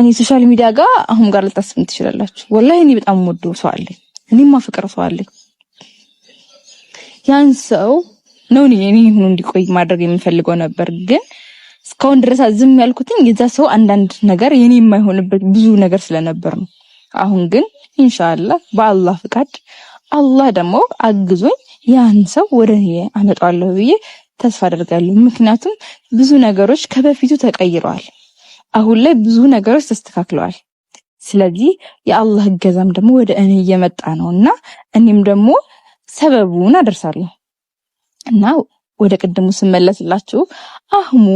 እኔ ሶሻል ሚዲያ ጋር አሁን ጋር ልታስብም ትችላላችሁ። ወላሂ እኔ በጣም ወዶ ሰው አለኝ፣ እኔም ማፍቅር ሰው አለኝ። ያን ሰው ነው እኔ እኔ ሁሉ እንዲቆይ ማድረግ የምፈልገው ነበር፣ ግን እስካሁን ድረስ ዝም ያልኩትኝ የዛ ሰው አንዳንድ ነገር የኔ የማይሆንበት ብዙ ነገር ስለነበር ነው። አሁን ግን ኢንሻአላህ በአላህ ፍቃድ አላህ ደግሞ አግዞኝ ያን ሰው ወደ እኔ አመጣዋለሁ ብዬ ተስፋ አደርጋለሁ። ምክንያቱም ብዙ ነገሮች ከበፊቱ ተቀይረዋል። አሁን ላይ ብዙ ነገሮች ተስተካክለዋል። ስለዚህ የአላህ እገዛም ደግሞ ወደ እኔ እየመጣ ነው እና እኔም ደግሞ ሰበቡን አደርሳለሁ እና ወደ ቅድሙ ስመለስላችሁ አህሙ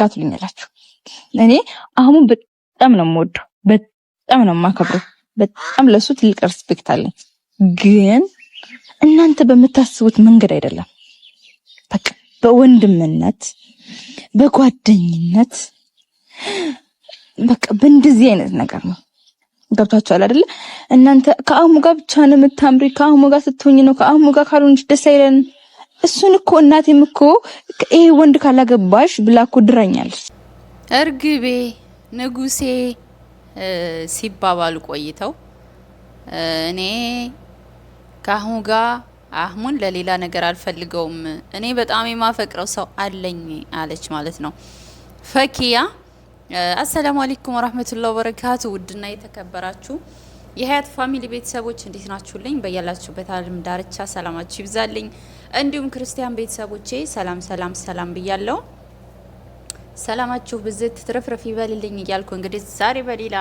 ጋር እኔ አህሙ በጣም ነው የምወደው፣ በጣም ነው የማከብረው፣ በጣም ለሱ ትልቅ ሪስፔክት አለኝ። ግን እናንተ በምታስቡት መንገድ አይደለም። በቃ በወንድምነት በጓደኝነት በቃ በእንደዚህ አይነት ነገር ነው። ገብታችኋል አይደለ? እናንተ ከአህሙ ጋር ብቻ ነው የምታምሪ፣ ከአህሙ ጋር ስትሆኝ ነው። ከአህሙ ጋር ካልሆንሽ ደስ አይለን። እሱን እኮ እናቴም እኮ ይሄ ወንድ ካላገባሽ ብላ እኮ ድራኛለች። እርግቤ ንጉሴ ሲባባሉ ቆይተው እኔ ከአህሙ ጋር አህሙን ለሌላ ነገር አልፈልገውም፣ እኔ በጣም የማፈቅረው ሰው አለኝ አለች ማለት ነው ፈኪያ አሰላሙ አለይኩም ወራህመቱላሂ ወበረካቱ። ውድና የተከበራችሁ የሀያት ፋሚሊ ቤተሰቦች እንዴት ናችሁልኝ? በያላችሁበት ዓለም ዳርቻ ሰላማችሁ ይብዛልኝ። እንዲሁም ክርስቲያን ቤተሰቦቼ ሰላም ሰላም ሰላም ብያለሁ። ሰላማችሁ ብዝት ትርፍርፍ ይበልልኝ እያልኩ እንግዲህ ዛሬ በሌላ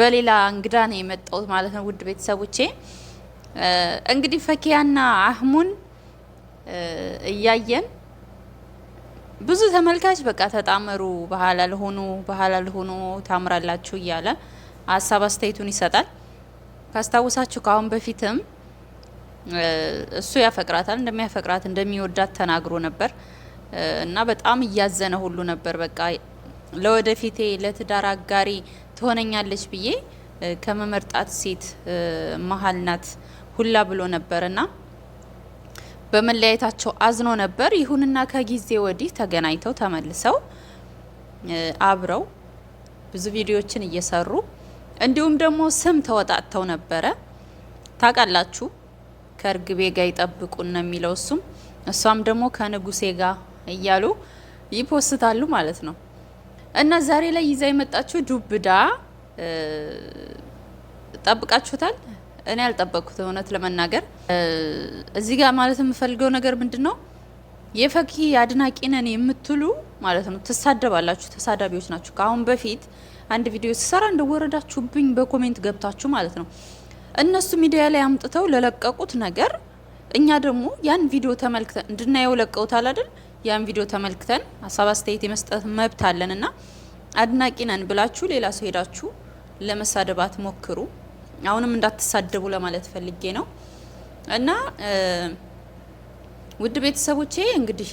በሌላ እንግዳ ነው የመጣሁት ማለት ነው። ውድ ቤተሰቦቼ እንግዲህ ፈኪያና አህሙን እያየን ብዙ ተመልካች በቃ ተጣመሩ፣ በሀላል ሆኑ፣ በሀላል ሆኑ ታምራላችሁ እያለ ሀሳብ አስተያየቱን ይሰጣል። ካስታውሳችሁ ከአሁን በፊትም እሱ ያፈቅራታል እንደሚያፈቅራት እንደሚወዳት ተናግሮ ነበር እና በጣም እያዘነ ሁሉ ነበር። በቃ ለወደፊቴ ለትዳር አጋሪ ትሆነኛለች ብዬ ከመመርጣት ሴት መሀል ናት ሁላ ብሎ ነበር እና በመለያየታቸው አዝኖ ነበር። ይሁንና ከጊዜ ወዲህ ተገናኝተው ተመልሰው አብረው ብዙ ቪዲዮዎችን እየሰሩ እንዲሁም ደግሞ ስም ተወጣጥተው ነበረ። ታውቃላችሁ ከእርግቤ ጋር ይጠብቁን ነው የሚለው እሱም እሷም ደግሞ ከንጉሴ ጋር እያሉ ይፖስታሉ ማለት ነው። እና ዛሬ ላይ ይዛ የመጣችሁ ዱብዳ ጠብቃችሁታል። እኔ ያልጠበቅኩት እውነት ለመናገር እዚህ ጋር ማለት የምፈልገው ነገር ምንድን ነው የፈኪ አድናቂ ነን የምትሉ ማለት ነው ትሳደባላችሁ፣ ተሳዳቢዎች ናችሁ። ከአሁን በፊት አንድ ቪዲዮ ስሰራ እንደወረዳችሁብኝ በኮሜንት ገብታችሁ ማለት ነው እነሱ ሚዲያ ላይ አምጥተው ለለቀቁት ነገር እኛ ደግሞ ያን ቪዲዮ ተመልክተን እንድናየው ለቀውታል አይደል? ያን ቪዲዮ ተመልክተን ሀሳብ አስተያየት የመስጠት መብት አለንና አድናቂ ነን ብላችሁ ሌላ ሰው ሄዳችሁ ለመሳደባት ሞክሩ። አሁንም እንዳትሳደቡ ለማለት ፈልጌ ነው። እና ውድ ቤተሰቦቼ እንግዲህ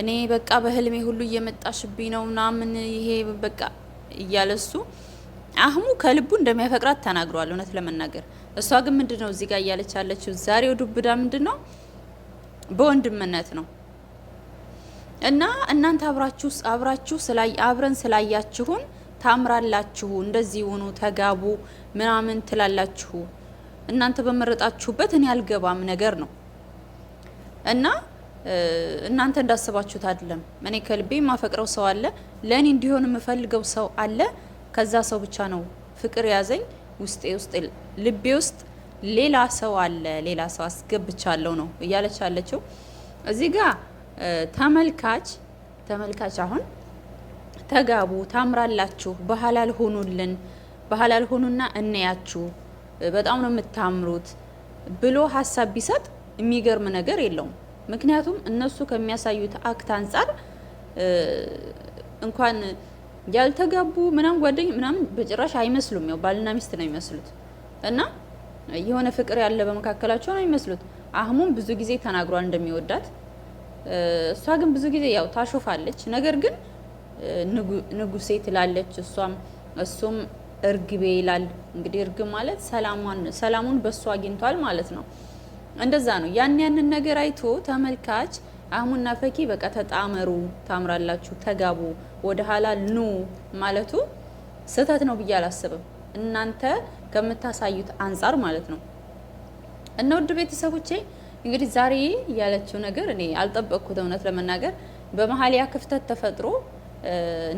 እኔ በቃ በህልሜ ሁሉ እየመጣሽብኝ ነው ምናምን ይሄ በቃ እያለ እሱ አህሙ ከልቡ እንደሚያፈቅራት ተናግሯል። እውነት ለመናገር እሷ ግን ምንድን ነው እዚህ ጋር እያለች ያለችው ዛሬው ዱብዳ ምንድን ነው በወንድምነት ነው እና እናንተ አብራችሁ አብራችሁ አብረን ስላያችሁን ታምራላችሁ፣ እንደዚህ ሆኑ፣ ተጋቡ ምናምን ትላላችሁ። እናንተ በመረጣችሁበት እኔ አልገባም ነገር ነው እና እናንተ እንዳስባችሁት አይደለም። እኔ ከልቤ የማፈቅረው ሰው አለ፣ ለእኔ እንዲሆን የምፈልገው ሰው አለ። ከዛ ሰው ብቻ ነው ፍቅር ያዘኝ። ውስጤ ውስጥ ልቤ ውስጥ ሌላ ሰው አለ፣ ሌላ ሰው አስገብቻለሁ ነው እያለች አለችው። እዚህ ጋር ተመልካች ተመልካች አሁን ተጋቡ፣ ታምራላችሁ፣ በሀላል ሆኑልን፣ በሀላል ሆኑና እንያችሁ፣ በጣም ነው የምታምሩት ብሎ ሀሳብ ቢሰጥ የሚገርም ነገር የለውም። ምክንያቱም እነሱ ከሚያሳዩት አክት አንጻር እንኳን ያልተጋቡ ምናምን ጓደኝ ምናምን በጭራሽ አይመስሉም። ያው ባልና ሚስት ነው የሚመስሉት እና የሆነ ፍቅር ያለ በመካከላቸው ነው የሚመስሉት። አህሙም ብዙ ጊዜ ተናግሯል እንደሚወዳት። እሷ ግን ብዙ ጊዜ ያው ታሾፋለች ነገር ግን ንጉሴ ትላለች፣ እሷም እሱም እርግቤ ይላል። እንግዲህ እርግብ ማለት ሰላሙን በእሱ አግኝቷል ማለት ነው። እንደዛ ነው። ያን ያንን ነገር አይቶ ተመልካች አህሙና ፈኪ በቃ ተጣመሩ፣ ታምራላችሁ፣ ተጋቡ፣ ወደ ኋላ ኑ ማለቱ ስህተት ነው ብዬ አላስብም። እናንተ ከምታሳዩት አንጻር ማለት ነው። እና ውድ ቤተሰቦቼ እንግዲህ ዛሬ ያለችው ነገር እኔ አልጠበቅኩት እውነት ለመናገር በመሀል ያ ክፍተት ተፈጥሮ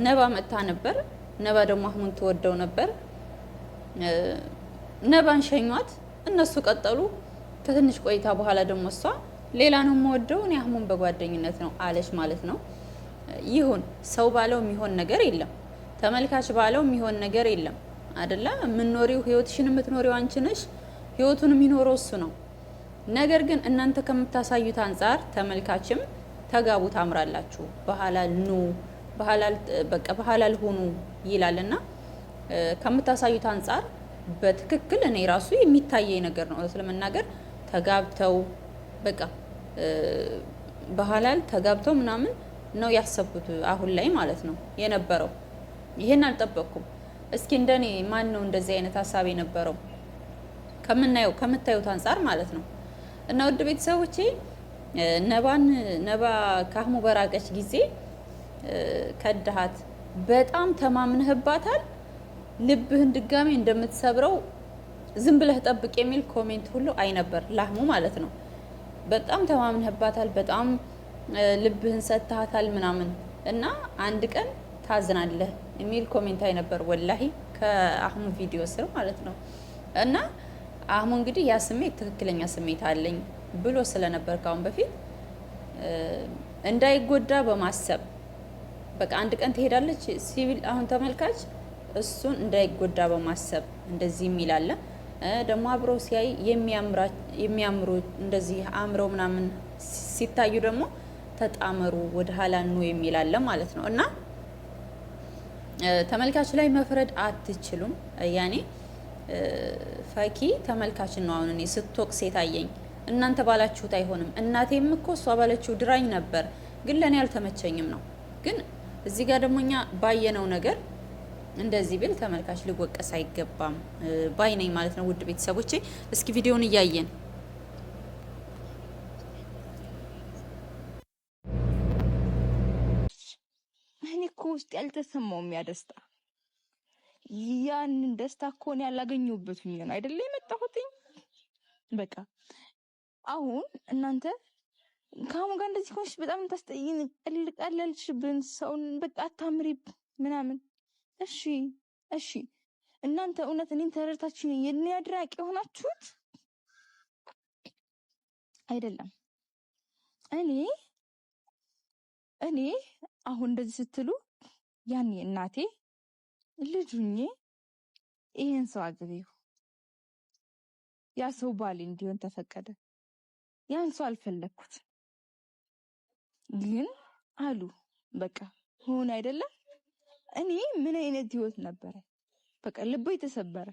ነባ መጥታ ነበር። ነባ ደግሞ አህሙን ትወደው ነበር። ነባን ሸኟት፣ እነሱ ቀጠሉ። ከትንሽ ቆይታ በኋላ ደግሞ እሷ ሌላ ነው የምወደው እኔ አህሙን በጓደኝነት ነው አለች ማለት ነው። ይሁን ሰው ባለው የሚሆን ነገር የለም፣ ተመልካች ባለው የሚሆን ነገር የለም። አደላ የምኖሪው ህይወትሽን የምትኖሪው አንቺ ነሽ፣ ህይወቱን የሚኖረው እሱ ነው። ነገር ግን እናንተ ከምታሳዩት አንጻር ተመልካችም ተጋቡ፣ ታምራላችሁ፣ በኋላ ኑ በቃ ባህላል ሆኑ ይላልና ከምታሳዩት አንጻር በትክክል እኔ ራሱ የሚታየኝ ነገር ነው። ስለመናገር ተጋብተው በቃ ባህላል ተጋብተው ምናምን ነው ያሰብኩት አሁን ላይ ማለት ነው የነበረው። ይሄን አልጠበቅኩም። እስኪ እንደኔ ማን ነው እንደዚህ አይነት ሀሳብ የነበረው ከምናየው ከምታዩት አንጻር ማለት ነው። እና ውድ ቤተሰቦቼ ነባን ነባ ካህሙ በራቀች ጊዜ ከድሃት በጣም ተማምነህባታል። ልብህን ድጋሜ እንደምትሰብረው ዝም ብለህ ጠብቅ የሚል ኮሜንት ሁሉ አይ ነበር ላህሙ ማለት ነው። በጣም ተማምነህባታል፣ በጣም ልብህን ሰጥተሃታል ምናምን እና አንድ ቀን ታዝናለህ የሚል ኮሜንት አይ ነበር ወላሂ ከአህሙ ቪዲዮ ስር ማለት ነው። እና አህሙ እንግዲህ ያ ስሜት ትክክለኛ ስሜት አለኝ ብሎ ስለነበር ካሁን በፊት እንዳይጎዳ በማሰብ በቃ አንድ ቀን ትሄዳለች ሲቪል። አሁን ተመልካች እሱን እንዳይጎዳ በማሰብ እንደዚህ የሚል አለ። ደግሞ አብረው ሲያይ የሚያምሩ እንደዚህ አምረው ምናምን ሲታዩ ደግሞ ተጣመሩ ወደ ኋላ ኑ የሚል አለ ማለት ነው። እና ተመልካች ላይ መፍረድ አትችሉም። ያኔ ፈኪ ተመልካችን ነው አሁን እኔ ስትወቅስ የታየኝ እናንተ ባላችሁት አይሆንም። እናቴም እኮ እሷ ባለችው ድራኝ ነበር፣ ግን ለእኔ አልተመቸኝም ነው ግን እዚህ ጋር ደግሞ እኛ ባየነው ነገር እንደዚህ ብል ተመልካች ሊወቀስ አይገባም ባይ ነኝ ማለት ነው። ውድ ቤተሰቦቼ እስኪ ቪዲዮውን እያየን እኔ እኮ ውስጥ ያልተሰማውም ያ ደስታ ያንን ደስታ እኮ እኔ ያላገኘሁበት የሚሆን አይደለ የመጣሁትኝ በቃ አሁን እናንተ ከአሁን ጋር እንደዚህ ከሆንሽ በጣም ታስጠይን። ቀለልሽብን፣ ሰውን በቃ አታምሪብን ምናምን። እሺ እሺ፣ እናንተ እውነት እኔን ተረድታችን የኔ አድራቂ የሆናችሁት አይደለም። እኔ እኔ አሁን እንደዚህ ስትሉ ያኔ እናቴ ልጁኜ ይሄን ሰው አግቢው ያ ሰው ባሌ እንዲሆን ተፈቀደ። ያን ሰው አልፈለግኩት። ግን አሉ በቃ ሆነ አይደለም። እኔ ምን አይነት ህይወት ነበረ? በቃ ልቦ የተሰበረ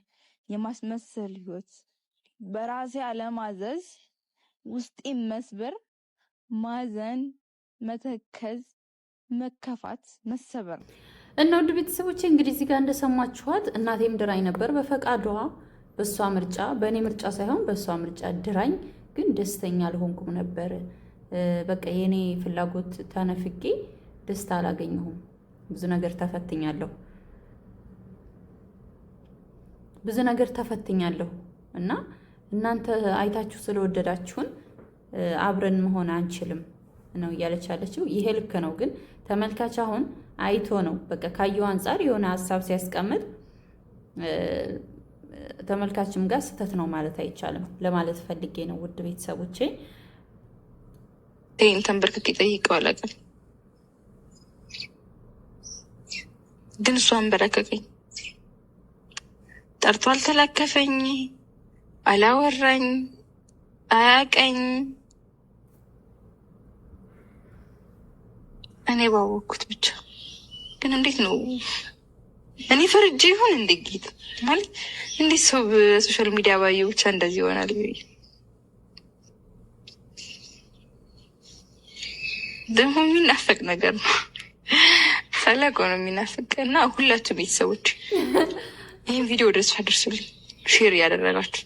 የማስመሰል ህይወት፣ በራሴ አለማዘዝ፣ ውስጤ መስበር፣ ማዘን፣ መተከዝ፣ መከፋት፣ መሰበር እና ውድ ቤተሰቦች እንግዲህ እዚህ ጋር እንደሰማችኋት እናቴም ድራኝ ነበር በፈቃዷ በእሷ ምርጫ፣ በእኔ ምርጫ ሳይሆን በእሷ ምርጫ ድራኝ፣ ግን ደስተኛ አልሆንኩም ነበር። በቃ የኔ ፍላጎት ተነፍቄ ደስታ አላገኘሁም። ብዙ ነገር ተፈትኛለሁ፣ ብዙ ነገር ተፈትኛለሁ እና እናንተ አይታችሁ ስለወደዳችሁን አብረን መሆን አንችልም ነው እያለች ያለችው። ይሄ ልክ ነው፣ ግን ተመልካች አሁን አይቶ ነው በቃ ካየው አንጻር የሆነ ሀሳብ ሲያስቀምጥ ተመልካችም ጋር ስህተት ነው ማለት አይቻልም ለማለት ፈልጌ ነው ውድ ቤተሰቦቼ። ቴን ተንበርክክ ጠይቀው አላውቅም፣ ግን እሷ አንበረከከኝ። ጠርቶ አልተላከፈኝ፣ አላወራኝ፣ አያቀኝ። እኔ ባወቅኩት ብቻ። ግን እንዴት ነው እኔ ፈርጄ ይሆን እንደጌት ማለት እንዴት ሰው በሶሻል ሚዲያ ባየው ብቻ እንደዚህ ይሆናል? ደግሞ የሚናፈቅ ነገር ነው። ፈለገው ነው የሚናፍቅ እና ሁላችሁም ቤተሰቦች ይህን ቪዲዮ ወደ እሷ አድርሱልኝ፣ ሼር እያደረጋችሁ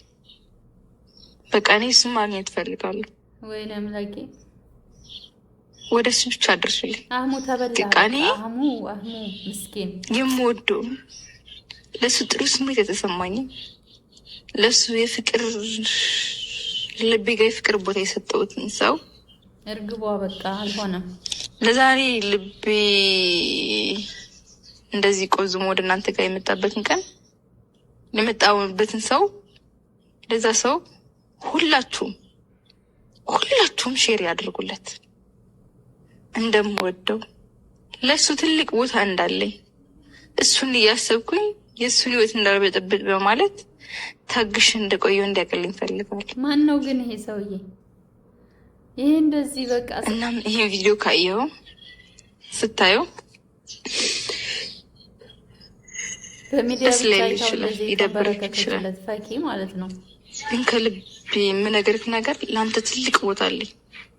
በቃ እኔ እሱን ማግኘት እፈልጋለሁ። ወይ አምላኬ ወደ እሱ ብቻ አድርሱልኝ። አህሙ ምስኪን የምወደው ለእሱ ጥሩ ስሜት የተሰማኝ ለእሱ የፍቅር ልቤ ጋ የፍቅር ቦታ የሰጠውትን ሰው እርግቧ በቃ አልሆነም። ለዛሬ ልቤ እንደዚህ ቆዝሞ ወደ እናንተ ጋር የመጣበትን ቀን የመጣበትን ሰው ለዛ ሰው ሁላችሁም ሁላችሁም ሼር ያድርጉለት እንደምወደው ለእሱ ትልቅ ቦታ እንዳለኝ እሱን እያሰብኩኝ የእሱን ህይወት እንዳልበጠብጥ በማለት ታግሽ እንደቆየው እንዲያቀልኝ ፈልጋል። ማን ነው ግን ይሄ ሰውዬ? ይሄ እንደዚህ በቃ እናም ይሄ ቪዲዮ ካየው ስታየው በሚዲያ ሊደብረክ ይችላል። ፋኪ ማለት ነው። ግን ከልቤ የምነግርህ ነገር ለአንተ ትልቅ ቦታ አለኝ።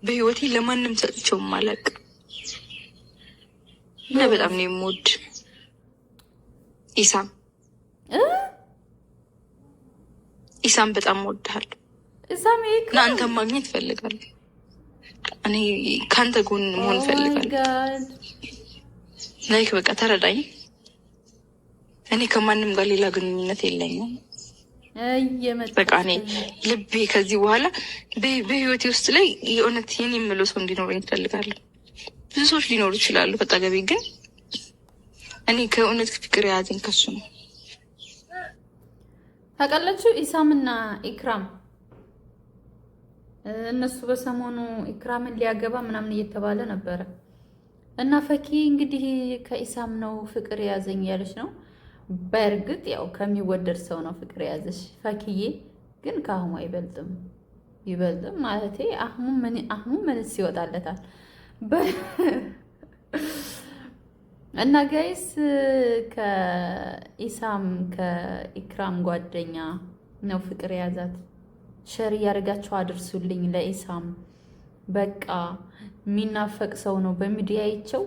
በህይወቴ ለማንም ሰጥቼውም አላውቅም እና በጣም ነው የምወድ ኢሳም ኢሳም በጣም ወድሃል። ይሄ አንተም ማግኘት እፈልጋለሁ። እኔ ከአንተ ጎን መሆን oh እፈልጋለሁ። ላይክ በቃ ተረዳኝ። እኔ ከማንም ጋር ሌላ ግንኙነት የለኝም። በቃ እኔ ልቤ ከዚህ በኋላ በህይወቴ ውስጥ ላይ የእውነት የኔ የምለው ሰው እንዲኖረኝ እፈልጋለሁ። ብዙ ሰዎች ሊኖሩ ይችላሉ በጠገቤ፣ ግን እኔ ከእውነት ፍቅር የያዘኝ ከሱ ነው። ታውቃላችሁ ኢሳምና ኢክራም እነሱ በሰሞኑ ኢክራምን ሊያገባ ምናምን እየተባለ ነበረ እና ፈኪ እንግዲህ ከኢሳም ነው ፍቅር የያዘኝ ያለች ነው። በእርግጥ ያው ከሚወደድ ሰው ነው ፍቅር የያዘች ፈኪዬ፣ ግን ከአህሙ አይበልጥም። ይበልጥም ማለቴ አህሙ ምንስ ይወጣለታል። እና ጋይስ ከኢሳም ከኢክራም ጓደኛ ነው ፍቅር የያዛት። ሸር እያደረጋችሁ አድርሱልኝ ለኢሳም። በቃ የሚናፈቅ ሰው ነው። በሚዲያቸው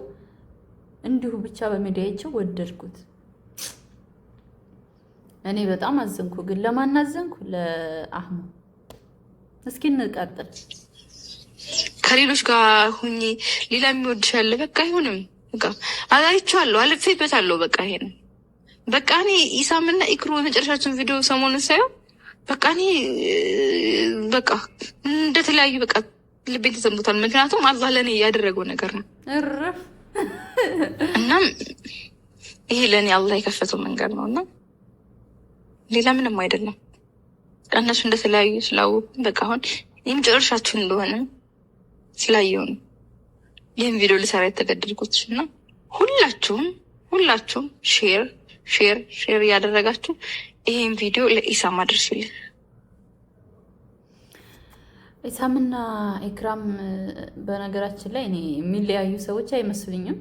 እንዲሁ ብቻ በሚዲያቸው ወደድኩት። እኔ በጣም አዘንኩ። ግን ለማን አዘንኩ? ለአህሙ። እስኪ እንቀጥል። ከሌሎች ጋር ሁኜ ሌላ የሚወድሻለ በቃ አይሆንም። በቃ አላይቼዋለሁ፣ አልፌበታለሁ። በቃ ይሄን በቃ እኔ ኢሳምና ኢክሩ የመጨረሻችን ቪዲዮ ሰሞኑን ሳየው በቃ እኔ በቃ እንደተለያዩ በቃ ልቤ ተሰምቶታል። ምክንያቱም አላህ ለእኔ እያደረገው ነገር ነው። እናም ይሄ ለእኔ አላህ የከፈተው መንገድ ነው እና ሌላ ምንም አይደለም። እነሱ እንደተለያዩ ስላው በቃ አሁን ይህም የመጨረሻችሁ እንደሆነ ስላየው ነው ይህን ቪዲዮ ልሰራ የተገደድኩት እና ሁላችሁም ሁላችሁም ሼር ሼር ሼር እያደረጋችሁ ይህን ቪዲዮ ለኢሳ ማድረስ ማድረስልኝ ኢሳምና ኤክራም በነገራችን ላይ እኔ የሚለያዩ ሰዎች አይመስልኝም።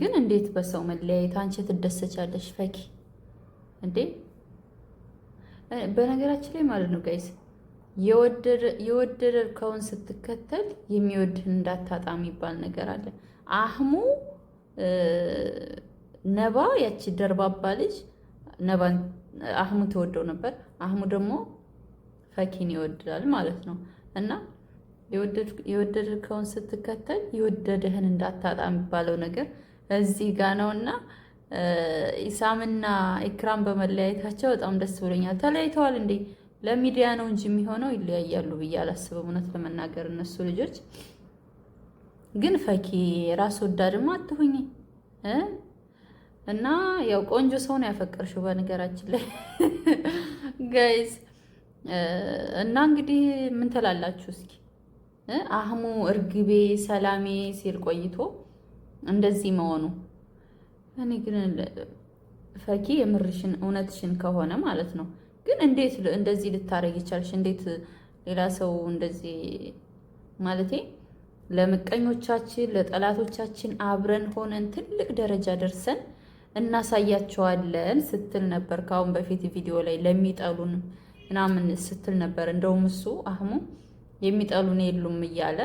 ግን እንዴት በሰው መለያየት አንቺ ትደሰቻለሽ? ፈኪ እንዴ! በነገራችን ላይ ማለት ነው ጋይስ የወደደ ከውን ስትከተል የሚወድህን እንዳታጣ የሚባል ነገር አለ። አህሙ ነባ ያቺ ደርባባ ልጅ ነባን አህሙ ተወደው ነበር። አህሙ ደግሞ ፈኪን ይወድዳል ማለት ነው እና የወደድከውን ስትከተል የወደደህን እንዳታጣ የሚባለው ነገር እዚህ ጋ ነው እና ኢሳምና ኢክራም በመለያየታቸው በጣም ደስ ብሎኛል። ተለያይተዋል እንዴ? ለሚዲያ ነው እንጂ የሚሆነው ይለያያሉ ብዬ አላስብም። እውነት ለመናገር እነሱ ልጆች ግን ፈኪ ራስ ወዳድማ አትሁኝ እና ያው ቆንጆ ሰው ነው ያፈቀርሽው በነገራችን ላይ ጋይዝ እና እንግዲህ ምን ትላላችሁ እስኪ? አህሙ እርግቤ ሰላሜ ሲል ቆይቶ እንደዚህ መሆኑ እኔ ግን ፈኪ የምርሽን እውነትሽን ከሆነ ማለት ነው። ግን እንዴት እንደዚህ ልታረግ ይቻልሽ? እንዴት ሌላ ሰው እንደዚህ ማለቴ ለምቀኞቻችን ለጠላቶቻችን አብረን ሆነን ትልቅ ደረጃ ደርሰን እናሳያቸዋለን ስትል ነበር ከአሁን በፊት ቪዲዮ ላይ ለሚጠሉን ምናምን ስትል ነበር። እንደውም እሱ አህሙ የሚጠሉን የሉም እያለ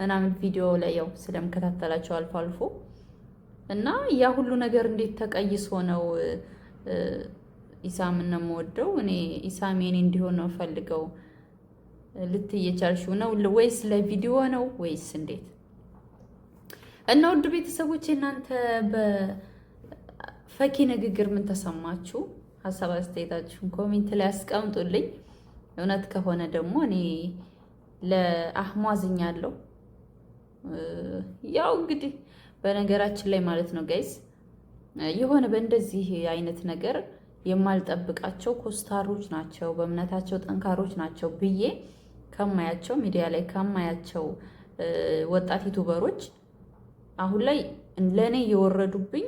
ምናምን ቪዲዮ ላይ ያው ስለምከታተላቸው አልፎ አልፎ እና ያ ሁሉ ነገር እንዴት ተቀይሶ ነው ኢሳም ነው እኔ ኢሳም ኢሳሜን እንዲሆን ነው ፈልገው ልትይ ነው ወይስ ለቪዲዮ ነው ወይስ እንዴት? እና ውድ ቤተሰቦች እናንተ በፈኪ ንግግር ምን ተሰማችሁ? ሀሳብ አስተያየታችሁን ኮሜንት ላይ አስቀምጡልኝ። እውነት ከሆነ ደግሞ እኔ ለአህሟዝኛለሁ። ያው እንግዲህ በነገራችን ላይ ማለት ነው ጋይዝ የሆነ በእንደዚህ አይነት ነገር የማልጠብቃቸው ኮስታሮች ናቸው፣ በእምነታቸው ጠንካሮች ናቸው ብዬ ከማያቸው ሚዲያ ላይ ከማያቸው ወጣት ዩቱበሮች አሁን ላይ ለእኔ የወረዱብኝ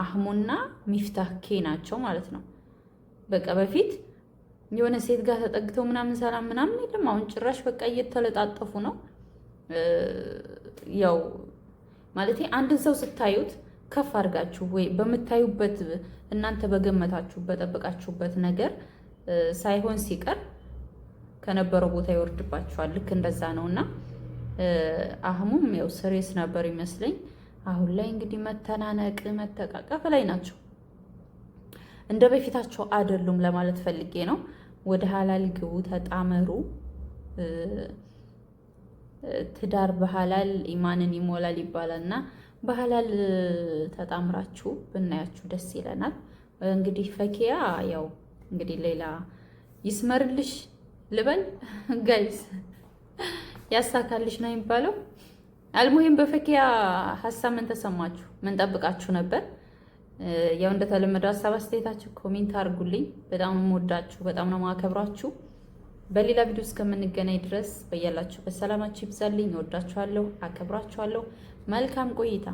አህሙና ሚፍታህ ኬ ናቸው ማለት ነው። በቃ በፊት የሆነ ሴት ጋር ተጠግተው ምናምን ሰላም ምናምን የለም። አሁን ጭራሽ በቃ እየተለጣጠፉ ነው። ያው ማለት አንድን ሰው ስታዩት ከፍ አድርጋችሁ ወይ በምታዩበት እናንተ በገመታችሁ በጠበቃችሁበት ነገር ሳይሆን ሲቀር ከነበረው ቦታ ይወርድባችኋል። ልክ እንደዛ ነው እና አህሙም ያው ስሬስ ነበር ይመስለኝ አሁን ላይ እንግዲህ መተናነቅ መተቃቀፍ ላይ ናቸው። እንደ በፊታቸው አይደሉም ለማለት ፈልጌ ነው። ወደ ሀላል ግቡ፣ ተጣመሩ። ትዳር በሀላል ኢማንን ይሞላል ይባላል እና በሀላል ተጣምራችሁ ብናያችሁ ደስ ይለናል። እንግዲህ ፈኪያ ያው እንግዲህ ሌላ ይስመርልሽ ልበል ጋይስ፣ ያሳካልሽ ነው የሚባለው። አልሙሂም በፈኪያ ሀሳብ ምን ተሰማችሁ? ምን ጠብቃችሁ ነበር? ያው እንደተለመደው ሀሳብ አስተያየታችሁ ኮሜንት አድርጉልኝ። በጣም የምወዳችሁ በጣም ነው ማከብራችሁ። በሌላ ቪዲዮ እስከምንገናኝ ድረስ በያላችሁ በሰላማችሁ ይብዛልኝ። እወዳችኋለሁ፣ አከብራችኋለሁ። መልካም ቆይታ